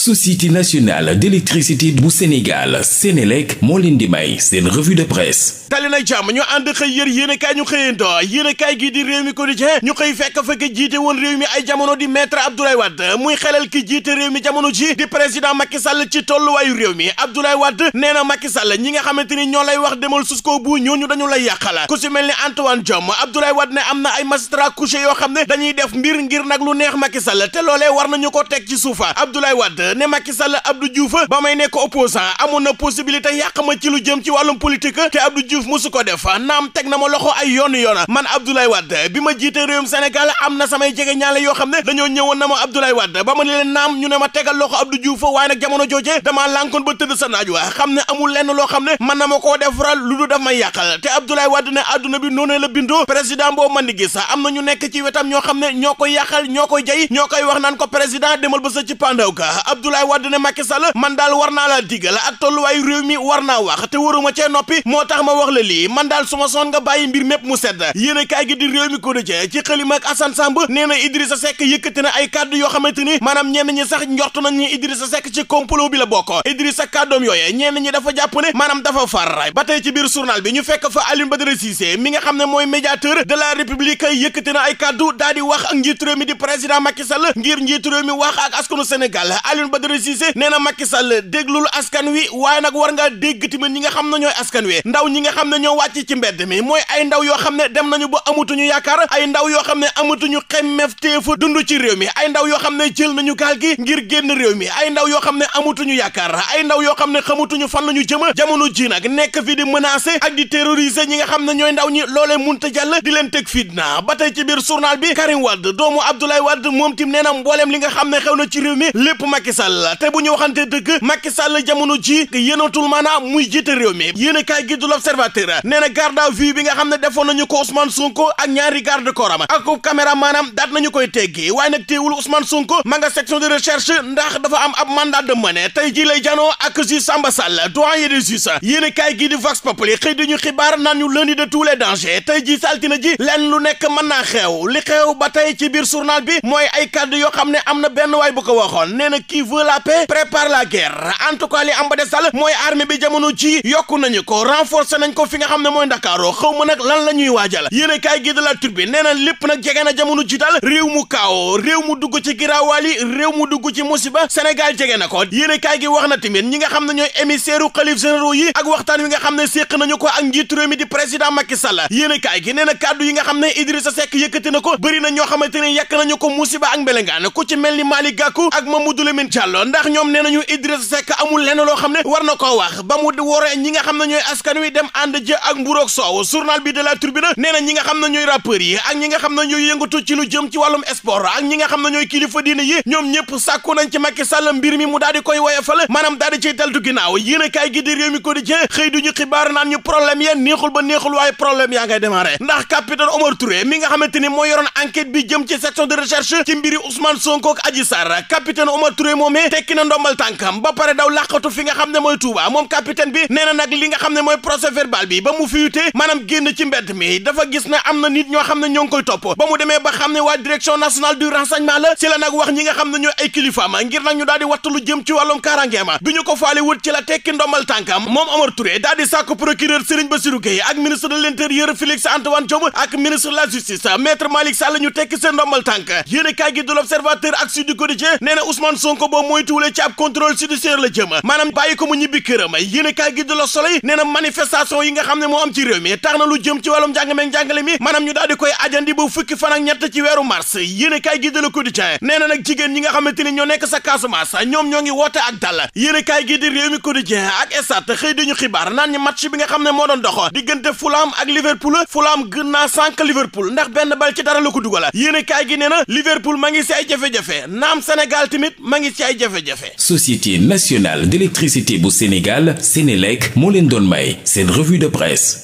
société nationale d'électricité bu Sénégal Sénélec moo leen di may seen revue de presse dali jàmm ñu ànd xëy yër yéen a kaay ñu xëyanto yéen a kaay gi di réew mi quotidien ñu xëy fekk fa jiite woon réew mi ay jamono di maître Abdoulaye Wade muy xelal ki jiite réew mi jamono ji di président Macky Sall ci tolluwaayu réew mi Abdoulaye Wade nee na Macky ñi nga xamante ni ñoo lay wax demal sus ko bu ñooñu dañu lay yàqala ku si mel ni Antoine Diome Abdoulaye na ay magistrat couché yoo xam ne dañuy def mbir ngir nag lu neex Macky Sall te loolee war nañu ko teg ci suufa ne Macky Sall Abdou Diouf ba may nekk opposant amoon na possibilité yàq ma ci lu jëm ci wàllum politique te Abdou Diouf musu ko def naam teg na ma loxo ay yoon a man Abdoulaye Wade bi ma jiite réewum Sénégal am na samay jege ñaale yoo xam ne dañoo ñëwoon na ma Abdoulaye Wade ba ma ne leen naam ñu ne ma a loxo Abdou Diouf waaye nag jamono jooje damaa lànkoon ba tëdd sa naaj wa xam ne amul lenn loo xam ne mën na ma ko koo defaral lu du daf may yàqal te a Wade ne àdduna bi noonu la bindoo président boobu man di gis am ñu nekk ci wetam ñoo xam ne ñoo koy yàqal ñoo koy jay ñoo koy wax naan ko président demal ba sa ci pandaw ka Abdoulaye Wade ne Macky Sall man daal war naa laa digal ak tolluwaayu réew mi war naa wax te waruma cee noppi moo tax ma wax la lii man daal su ma soon nga bàyyi mbir mépp mu sedd yéen a kaay gi di réew mi ko dëje ci xalima ak Assane Samb nee na Idrissa Seck yëkkati ay kàddu yoo xamante ni maanaam ñenn ñi sax njort nañ ñi Idrissa Seck ci complot bi la bokk Idrissa kàddoom yooye ñenn ñi dafa jàpp ne maanaam dafa far ba tey ci biir journal bi ñu fekk fa Alioune Badara ne mooy médiateur de la République yëkkati na ay kàddu daal di wax ak njiitu réew mi di ngir njiitu réew mi wax ak askanu Alioune Badara Cissé nee na Macky Sall déglul askan wi waaye nag war ngaa dégg tamit ñi nga xam na ñooy askan wi ndaw ñi nga xam ne ñoo wàcc ci mbedd mi mooy ay ndaw yoo xam ne dem nañu ba amatuñu yaakaar ay ndaw yoo xam ne amatuñu xemmeef téefa dund ci réew mi ay ndaw yoo xam ne jël nañu gaal gi ngir génn réew mi ay ndaw yoo xam ne amatuñu yaakaar ay ndaw yoo xam ne xamatuñu fan la ñu jëm jamono ji nag nekk fi di menacer ak di terroriser ñi nga xam ne ñooy ndaw ñi loolee munta jàll di leen teg fitna ba tey ci biir journal bi Karim Wade doomu Abdoulaye Wade moom tim nee na mbooleem li nga xam ne xew na ci réew mi lépp Sall te bu ñu waxante dëgg Macky Sall jamono ji yénatul maanaam muy jiite réew mi yéen a kaay gi du l'Observateur nee na garde à vue bi nga xam ne defoon nañu ko Ousmane Sonko ak ñaari garde corps am ak caméra maanaam daat nañu koy teggi waaye nag teewul Ousmane Sonko ma nga section de recherche ndax dafa am ab mandat de mener tey ji lay janoo ak juge Samba Sall doyen des juges yéen a kaay gi di Vox Populi xëy dañu xibaar naan ñu lundi de tous les dangers tey ji saltina ji lenn lu nekk mën naa xeew li xeew ba tey ci biir journal bi mooy ay kàddu yoo xam ne am na benn waay bu veut la paix prépare la guerre en tout mooy armée bi jamono ji yokku nañu ko renforcer nañ ko fi nga xam ne mooy Ndakaaro xaw ma nag lan la ñuy waajal yéen a kaay gi de la Tribune nee na lépp nag jege na jamono ji daal réew mu kaaw réew mu dugg ci giraawaali réew mu dugg ci musiba Sénégal jege na ko yéen a gi wax na tamit ñi nga xam ne ñooy émissaire u xalif généraux yi ak waxtaan wi nga xam ne séq nañu ko ak njiitu di président Macky Sall yéen a na kàddu yi nga xam ne Idrissa Seck yëkkati ko bëri na ñoo xamante ne yàkk nañu ko musiba ak mbelengaan ku ci mel ni Malick Gakou ak Mamadou Lamine Diallo ndax ñoom nee nañu Idrissa Seck amul lenn loo xam ne war na koo wax ba mu wooree ñi nga xam ne askan wi dem ànd jë ak mburoog soow journal bi de la nee na ñi nga xam ne ñooy yi ak ñi nga xam ne ñooy ci lu jëm ci wàllum sport ak ñi nga xam ne kilifa diine yi ñoom ñëpp sàkku nañ ci Macky Sall mbir mi mu daal koy woyofal maanaam daal di ciy deltu ginnaaw yéen a kaay gi di réew mi xëy duñu xibaar naan ñu problème ya neexul moomee tekki na ndombal tànkam ba pare daw làqatu fi nga xam ne mooy Touba moom capitaine bi nee na nag li nga xam ne mooy procès verbal bi ba mu fiyute maanaam génn ci mbedd mi dafa gis ne am na nit ñoo xam ne ñoo ngi koy topp ba mu demee ba xam ne waa direction nationale du renseignement la ci la nag wax ñi nga xam ne ñooy ay kilifaam ngir nag ñu daal di wattu lu jëm ci wàllum kaaraangeema bi ñu ko faale wut ci la tekki ndombal tànkam moom Omar Touré daal di sàkku procureur Serigne Bassirou Gueye ak ministre de l'intérieur Félix Antoine Diome ñu tekki seen ndombal tànk yéen a kaay gi de l'observateur boo moytuwulee ci ab contrôle judiciaire la jëm maanaam bàyyi ko mu ñibbi këram yéenekaay gi di la Soleil nee na yi nga xam ne moo am ci réew mi tax na lu jëm ci wàllum njàng meeg njàngale mi maanaam ñu daal di koy ajandi ba fukki fan ak ci weeru mars yéenekaay gi di la Quotidien nee na nag jigéen ñi nga xamante ni ñoo ñoom ñoo ngi woote ak dal yéenekaay gi di réew mi Quotidien ak Stades xëy diñu xibaar naan ñu match bi nga xam ne moo doon dox diggante Fulham ak Liverpool Fulham gën naa ndax benn bal ci dara la ko dugal yéenekaay gi ma ngi si ci ay jafe-jafe société nationale d'électricité bu Sénégal Sénélec moo leen doon may seen revue de presse